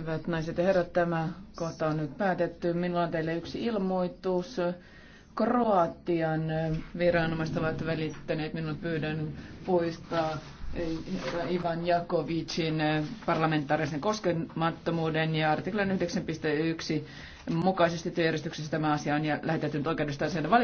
Hyvät naiset ja herrat, tämä kohta on nyt päätetty. Minulla on teille yksi ilmoitus. Kroatian viranomaiset ovat välittäneet minun pyydän poistaa Ivan Jakovicin parlamentaarisen koskemattomuuden ja artiklan 9.1 mukaisesti työjärjestyksessä tämä asia on lähetetty oikeudestaan sen valiokuntaan.